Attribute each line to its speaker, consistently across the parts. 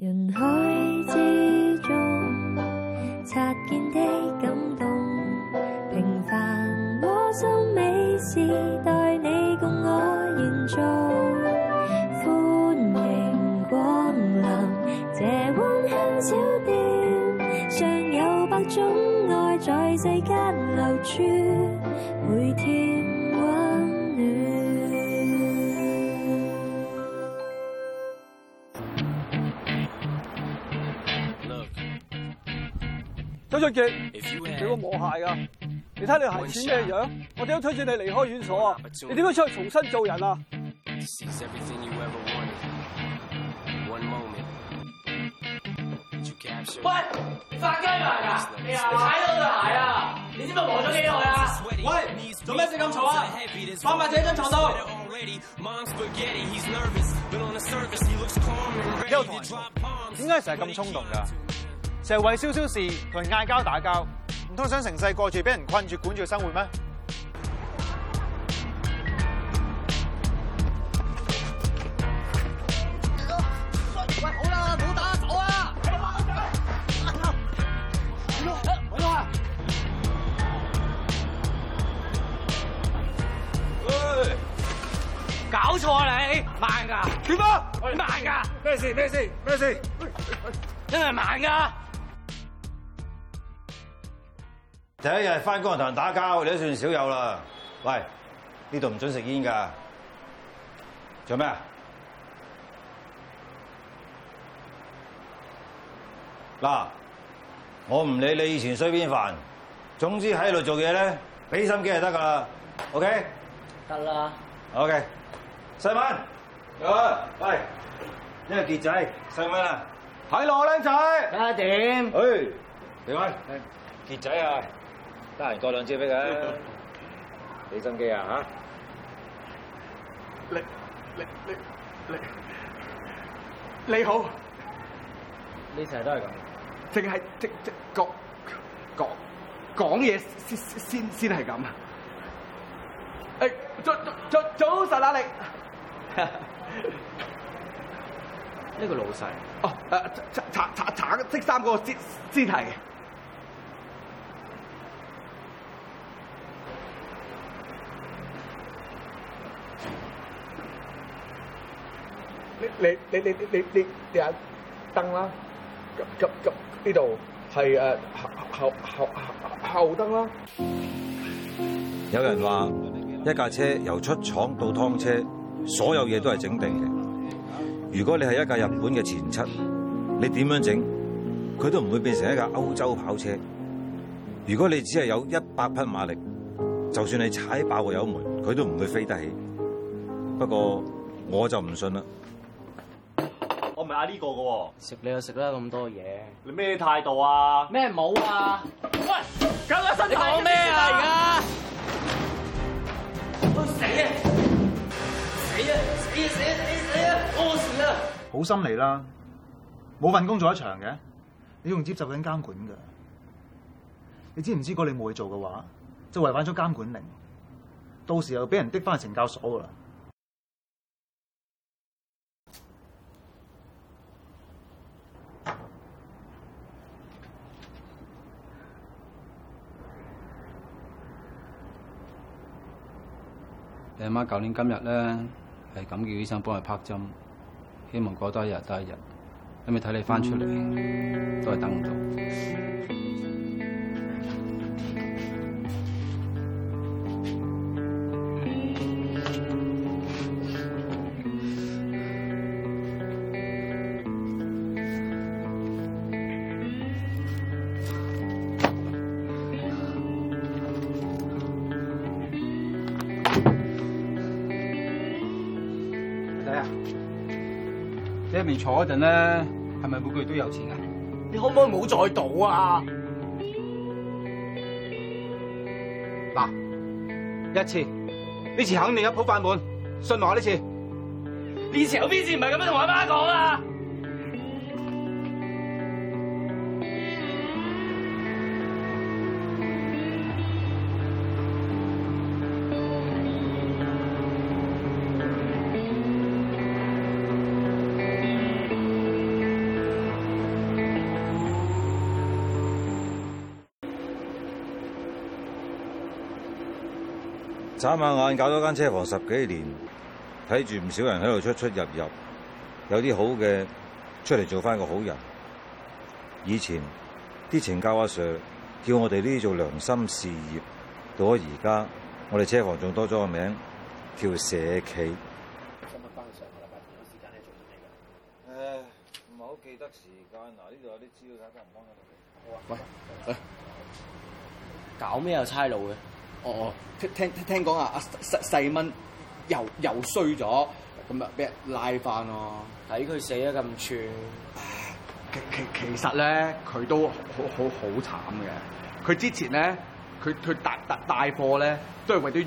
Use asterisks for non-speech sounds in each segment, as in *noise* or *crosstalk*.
Speaker 1: 人海之中，擦肩的感動，平凡我心美事，待你共我延續，歡迎光臨這溫馨小店，尚有百種愛在世間流轉，每天。我着你個磨鞋，噶，你睇你鞋似咩樣？我點樣推薦你離開院所啊？你點解出去重新做人啊？喂，發雞啊！你又喺度做咩啊？你知唔知道磨咗幾耐啊？喂，做咩成咁嘈啊？放埋自己張床度。又點解成日咁衝
Speaker 2: 動噶，就係為少少事同人嗌交打交，唔通想成世過住俾人困住管住生活咩？
Speaker 1: 喂，好啦，唔好打，走啊！哎呀！哎呀！搞錯啊你，慢噶，點啊樣？慢噶的，咩事咩事咩事？真係慢噶。
Speaker 2: 第一日翻工同人打交，你都算少有啦。喂，呢度唔准食煙噶，做咩啊？嗱，我唔理你以前衰邊瓣，總之喺度做嘢咧，俾心機就得噶啦。OK，得啦。OK，細蚊，
Speaker 1: 喂，
Speaker 2: 呢個傑仔，細蚊啊，睇落啊，靚仔，睇下點？誒，嚟啦，傑仔啊。得嚟多兩招俾佢，俾心機啊！
Speaker 1: 嚇，你你你你你好？你成日都係咁，淨係即即講講講嘢先先先係咁。哎，早早早早晨啊，你呢個老細哦，查查查查咗三個屍屍體。你你你你你你下燈啦，咁咁咁呢度係誒後後後後燈啦、
Speaker 2: 啊。有人話一架車由出廠到劏車，所有嘢都係整定嘅。如果你係一架日本嘅錢七，你點樣整，佢都唔會變成一架歐洲跑車。如果你只係有一百匹馬力，就算你踩爆個油門，佢都唔會飛得起。不過我就唔信啦。
Speaker 1: 啊呢個嘅喎，食你又食得咁多嘢，你咩態度啊？咩冇啊？喂，搞日新嘅講咩啊？而家去死啊！死啊！死啊！死啊！死啊！我死啊！
Speaker 2: 好心嚟啦，冇份工做一場嘅，你仲接受緊監管嘅，你知唔知？果你冇嘢做嘅話，就違反咗監管令，到時候俾人逼翻去懲教所噶啦。
Speaker 1: 阿媽舊年今日咧，係咁
Speaker 2: 叫醫生幫佢拍針，希望過多一日多一日，因為睇你翻出嚟，
Speaker 1: 都係等唔到。
Speaker 2: 坐一陣咧，係咪每個月都有錢啊？你
Speaker 1: 可唔可以唔好再賭啊？嗱， *music* 一次，呢次肯定一鋪翻本，信我呢次。以前有邊次唔係咁樣同阿媽講啊？
Speaker 2: 眨下眼搞咗間車房十幾年，睇住唔少人喺度出出入入，有啲好嘅出嚟做返個好人。以前啲懲教阿、ah、Sir 叫我哋呢啲做良心事業，到咗而家，我哋車房仲多咗個名叫社企。今日返去上個禮拜，時間你做完嚟噶。誒，唔好記得時間啊！呢度有啲資料睇得唔啱啊！
Speaker 1: 喂， *music* 嚟， *music* 搞咩有差佬嘅？哦，聽聽聽講啊，阿細細蚊又又衰咗，咁啊俾人拉翻喎，睇佢死得咁寸。其其其實咧，佢都好好好慘嘅。佢之前咧，佢佢帶帶帶貨咧，都係為咗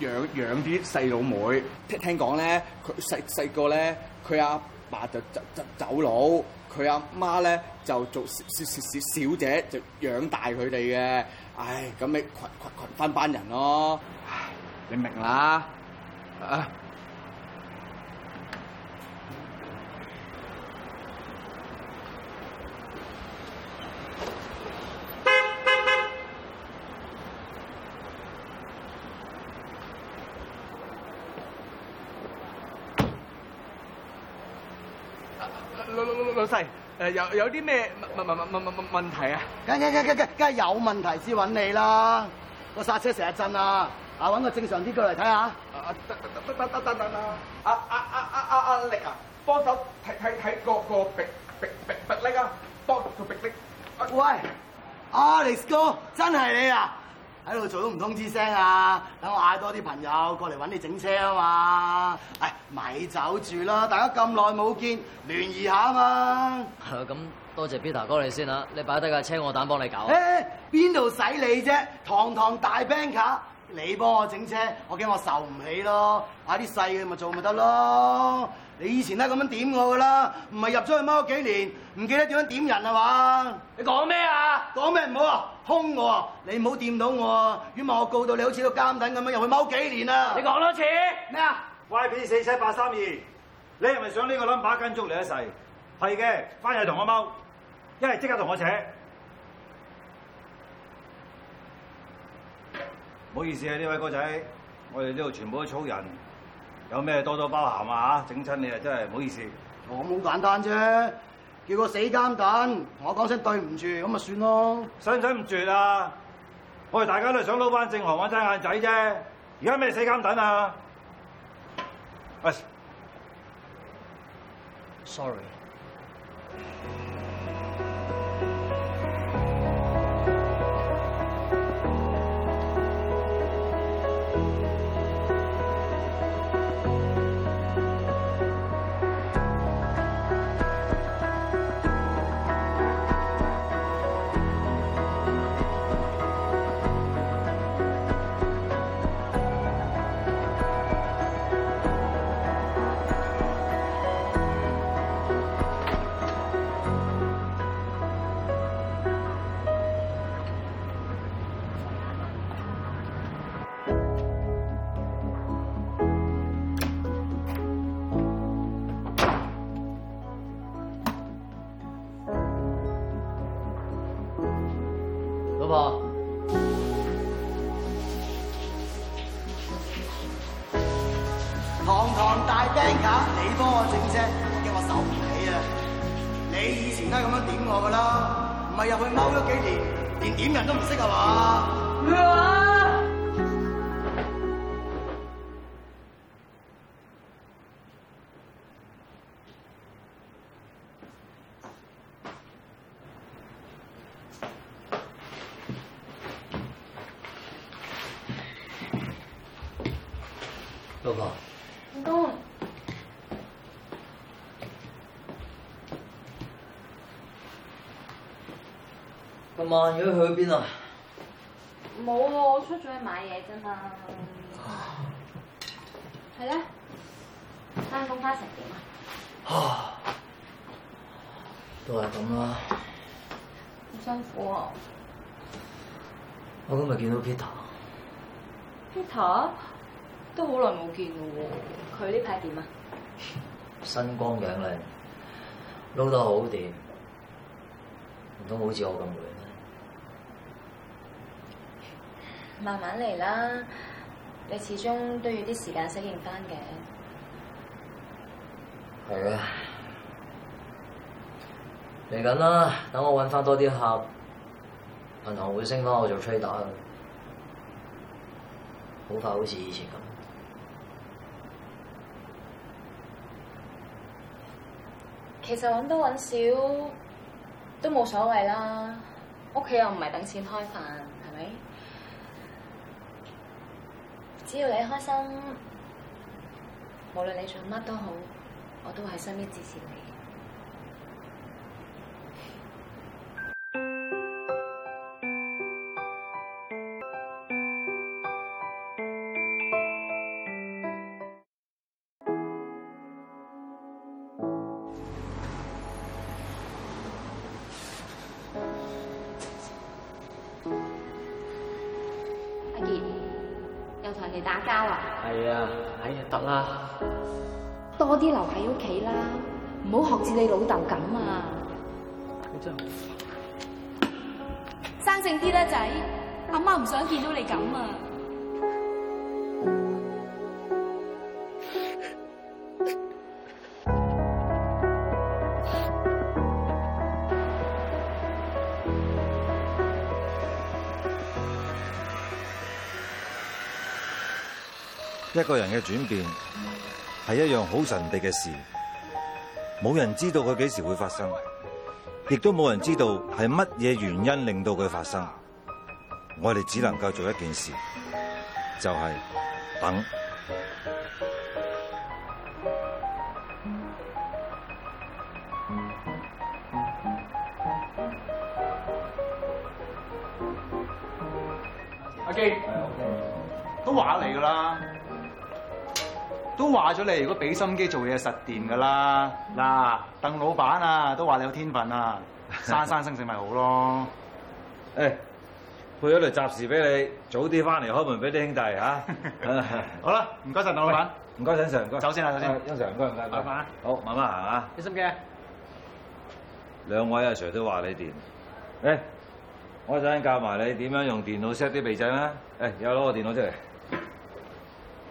Speaker 1: 養養啲細佬妹。聽聽講咧，佢細細個咧，佢阿爸爸就就就就就走佬。佢阿媽咧就做小小小，小小小小姐，就養大佢哋嘅。唉、哎，咁你群群群返班人咯。唉，你明啦，啊、uh,。有有啲咩問問問問問問問題啊？梗梗梗梗梗梗係有問題先揾你啦！個剎車成日震啊！啊，揾個正常啲過嚟睇下。啊啊啊啊啊啊！阿阿阿力啊，幫手睇睇睇個個力啊！幫個逼逼。喂，阿力哥，真係你啊！disappears rush 喺度做都唔通知聲啊！等我嗌多啲朋友過嚟搵你整車啊嘛！唉，咪走住啦！大家咁耐冇見，聯誼下啊嘛！咁、啊、多謝
Speaker 2: Peter 哥你先啦，你擺低架車，我膽幫你搞、啊。
Speaker 1: 邊度使你啫？堂堂大 Banker，你幫我整車，我驚我受唔起咯。嗌啲細嘅咪做咪得咯。你以前都咁樣點我噶啦，唔係入咗去踎幾年，唔記得點樣點人啊嘛？你講咩啊？講咩唔好？啊？兇我你唔好掂到我啊！如果唔係我告到你，你好似個監等咁樣，又去踎幾年啦！你講多次咩啊？YP 四七八三
Speaker 2: 二，麼 32, 你係咪想呢個 number 跟足你一世？係嘅，翻去同我踎，一係即刻同我扯。唔好意思啊，呢位哥仔，我哋呢度全部都粗人，有咩多多包涵啊嚇！整親你啊，真係唔好意思。
Speaker 1: 我好簡單啫。叫個死監等同
Speaker 2: 我講聲對唔住咁咪算咯。使唔使咁絕啊？我哋大家都係想撈翻正行，玩真眼仔啫。而家咩死監等啊？喂
Speaker 1: ，sorry。老婆，堂堂大兵卡，你幫我整啫，我驚我受唔起啊！你以前都係咁樣點我噶啦，唔係入去踎咗幾年，連點人都唔識啊嘛？ *laughs*
Speaker 2: 今晚果去邊啊？
Speaker 1: 冇喎，我出咗去買嘢啫嘛。係 *laughs* 咧， *laughs* 翻工翻成點啊？啊，
Speaker 2: 都係咁啦。
Speaker 1: 好辛苦喎。
Speaker 2: 我今日見到 Peter。
Speaker 1: Peter 都好耐冇見喎，佢呢排點啊？
Speaker 2: *laughs* 身光頸靚，撈得好掂，唔通好似我咁攰？
Speaker 1: 慢慢嚟啦，你始終都要啲時間適應翻嘅。係啊，嚟緊啦，
Speaker 2: 等我揾翻多啲客，銀行會升翻我做 trader 嘅，
Speaker 1: 好快好似以前咁。其實揾多揾少都冇所謂啦，屋企又唔係等錢開飯。只要你開心，無論你做乜都好，我都喺身邊支持你。嚟打交啊！係啊！哎呀，得啦，多啲留喺屋企啦，唔好學似你老豆咁啊！你真係、啊嗯、生性啲啦，仔，阿媽唔想見到你咁啊！
Speaker 2: 一個人嘅轉變係一樣好神秘嘅事，冇人知道佢幾時會發生，亦都冇人知道係乜嘢原因令到佢發生。我哋只能夠做一件事，就係等。都話咗你，如果俾心機做嘢係實掂噶啦。嗱，鄧老闆啊，都話你有天分啊，生生性性咪好咯。誒，配咗嚟雜事俾你，早啲翻嚟開門俾啲兄弟嚇。好啦，唔該曬鄧老闆，唔該曬 sir，走先啦，走先，sir
Speaker 1: 唔該，
Speaker 2: 唔該，拜拜。好，慢慢行啊。俾心機。兩位阿 sir 都話你掂。誒，我想教埋你點樣用電腦 set 啲備仔啦。誒、hey，有攞個電腦出嚟。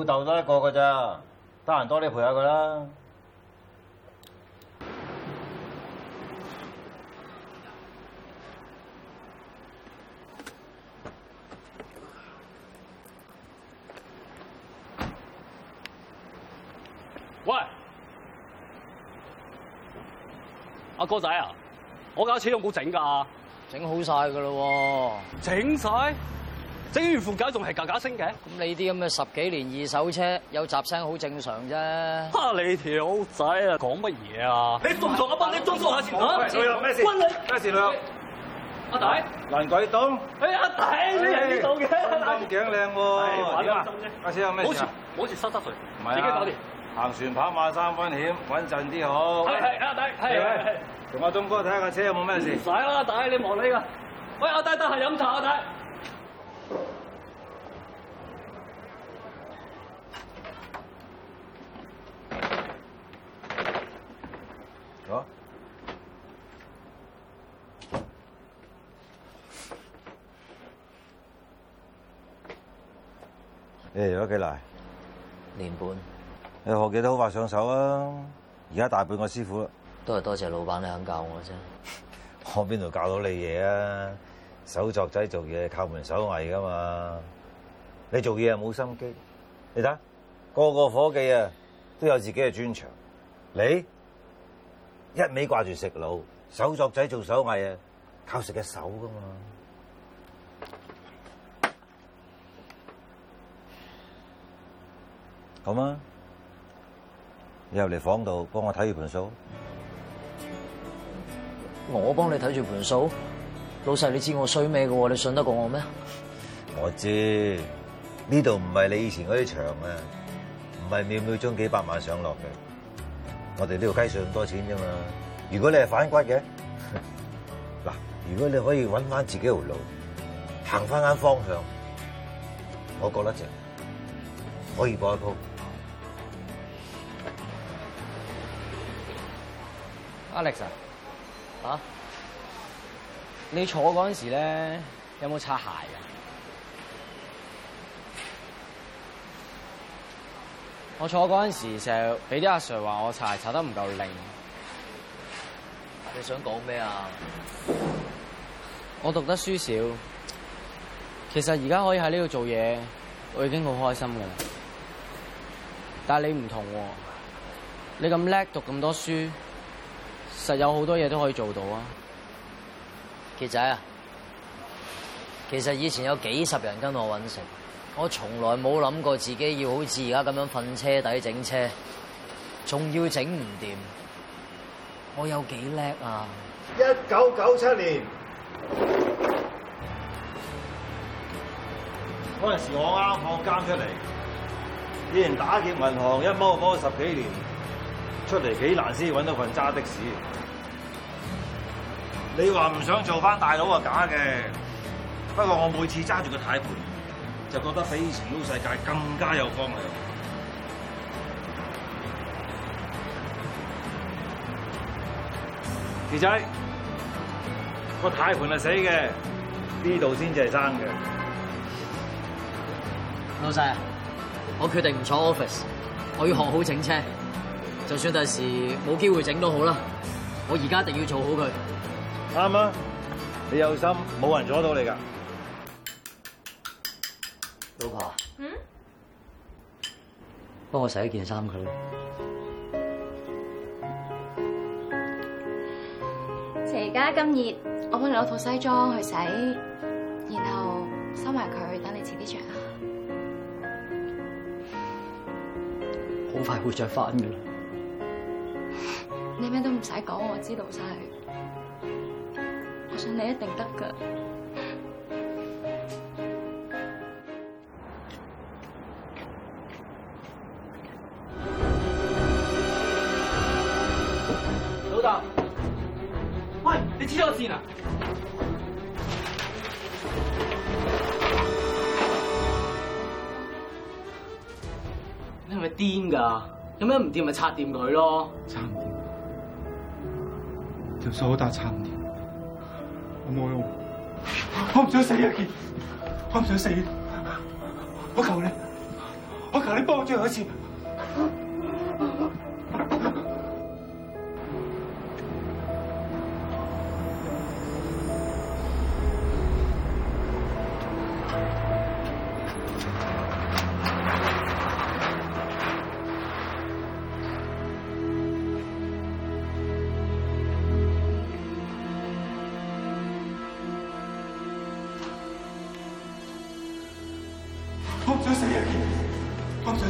Speaker 2: 老豆得一個噶咋，得閒多啲陪下佢啦。
Speaker 1: 喂，阿哥仔啊，我架車有冇整噶？整好晒噶啦喎，整晒。整完副架仲係嘎嘎聲嘅，咁你啲咁嘅十幾年二手車有雜聲好正常啫。哈！你條仔啊，講乜嘢啊？你仲同我幫你中哥下船台？老友咩事？關你咩事？老友阿弟，爛鬼東。哎，阿弟，你係邊度嘅？光
Speaker 2: 頸靚喎。阿師有咩事？
Speaker 1: 冇事，冇事，唔濕自己搞
Speaker 2: 掂。行船跑馬三分險，穩陣啲好。係係，
Speaker 1: 阿弟，係係
Speaker 2: 係，同阿東哥睇下架車有冇咩事。唔
Speaker 1: 使啦，阿弟，你忙你嘅。喂，阿弟，得閒飲茶，阿弟。
Speaker 2: 啊！你嚟咗幾耐？年半。你學得好快上手啊？而家大半個師傅啦。都係多謝老闆你肯教我啫。 *laughs* 我邊度教到你嘢啊？手作仔做嘢靠門手藝㗎嘛，你做嘢又冇心機，你睇個個伙計啊都有自己嘅專長，你一味掛住食腦，手作仔做手藝啊靠食嘅手㗎嘛，好啊，你入嚟房度幫我睇住盤數，
Speaker 1: 我幫你睇住盤數。老細，你知我衰咩嘅？你信得過我咩？
Speaker 2: 我知呢度唔係你以前嗰啲場啊，唔係秒秒鐘幾百萬上落嘅。我哋呢度雞碎咁多錢啫嘛。如果你係反骨嘅，嗱，如果你可以揾翻自己條路，行翻間方向，我覺得正，可以搏一鋪。
Speaker 1: Alex a 啊？你坐嗰陣時咧，有冇擦鞋啊？我坐嗰陣時成日，俾啲阿 sir 話我擦鞋擦得唔夠靈。你想講咩啊？我讀得書少，其實而家可以喺呢度做嘢，我已經好開心㗎喇。但係你唔同喎，你咁叻讀咁多書，實有好多嘢都可以做到啊！杰仔啊，其實以前有幾十人跟我揾食，我從來冇諗過自己要好
Speaker 2: 似而家咁樣瞓車底整車，仲要整唔掂，我有幾叻啊！一九九七年嗰陣時，我啱放監出嚟，以前打劫銀行一摸摸十幾年，出嚟幾難先揾到份揸的士。你話唔想做返大佬啊？假嘅。不過我每次揸住個軚盤，就覺得比以前撈世界更加有光榮。傑仔，個軚盤係死嘅，呢度先至係生嘅。老細，我決定唔坐 office，我要學好整車。就算第時冇機會整都好啦，我而家一定要做好佢。啱吖，你有心，冇人阻到你
Speaker 1: 噶。老婆，嗯，幫我洗一件衫佢。而家咁熱，我幫你攞套西裝去洗，然後收埋佢，等你遲啲着。好快會着返噶啦。你咩都唔使講，我知道晒。你一定得噶，老豆，喂，你黐咗線啊？你係咪癲噶？有咩唔掂咪拆掂佢咯拆？拆唔掂？條手好大拆，拆唔掂。冇用，我唔想死啊！傑，我唔想死啊，我求你，我求你幫我最後一次。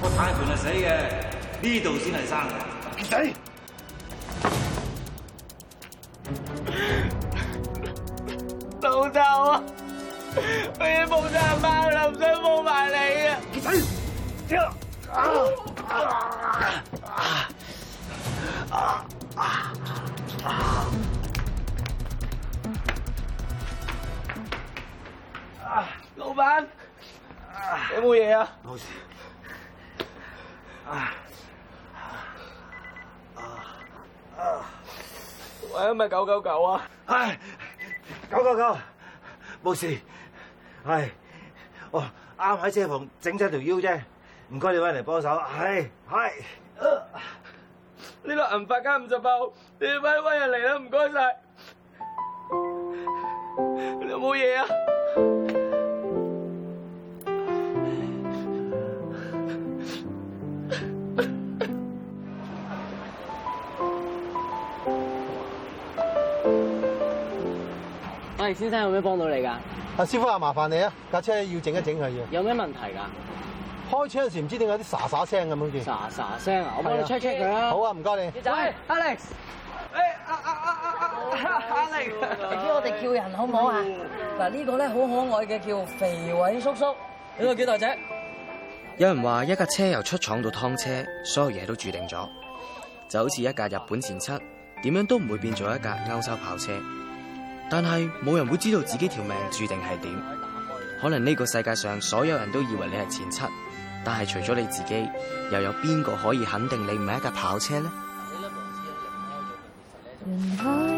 Speaker 1: 我泰拳係死
Speaker 2: 嘅，呢度先係生。杰
Speaker 1: 仔隊， *noise* 老豆啊，我要報得阿媽啦，唔使冇埋你啊。杰仔隊，聽，啊啊啊啊啊啊！啊， *noise* 老闆，有冇嘢啊？冇事。喂，係咪九九九啊？
Speaker 2: 係九九九，冇事。係哦，啱喺車房整親條腰啫，唔該你搵人嚟幫手。係
Speaker 1: 係，呢度銀髮街五十八號，你要快啲搵人嚟啦，唔該晒。你有冇嘢啊？喂，先生有咩幫到你噶？阿師傅啊，麻煩你啊，架車要整一整佢，要 Alex。有咩問題噶？開車嗰時唔知點解啲沙沙聲咁好似。沙沙聲，我幫你 check check 佢啦。好啊，唔該你。喂，Alex，誒，阿阿阿阿阿 Alex，你叫我哋叫人好唔好啊？嗱，呢個咧好可愛嘅叫肥偉叔叔，你個幾大隻？有人話一架車由出廠到劏車，所有嘢都注定咗，就好似一架日本錢七，點樣都唔會變做一架歐洲跑車。但係冇人會知道自己條命注定係點，可能呢個世界上所有人都以為你係錢七，但係除咗你自己，又有邊個可以肯定你唔係一架跑車呢？ *noise*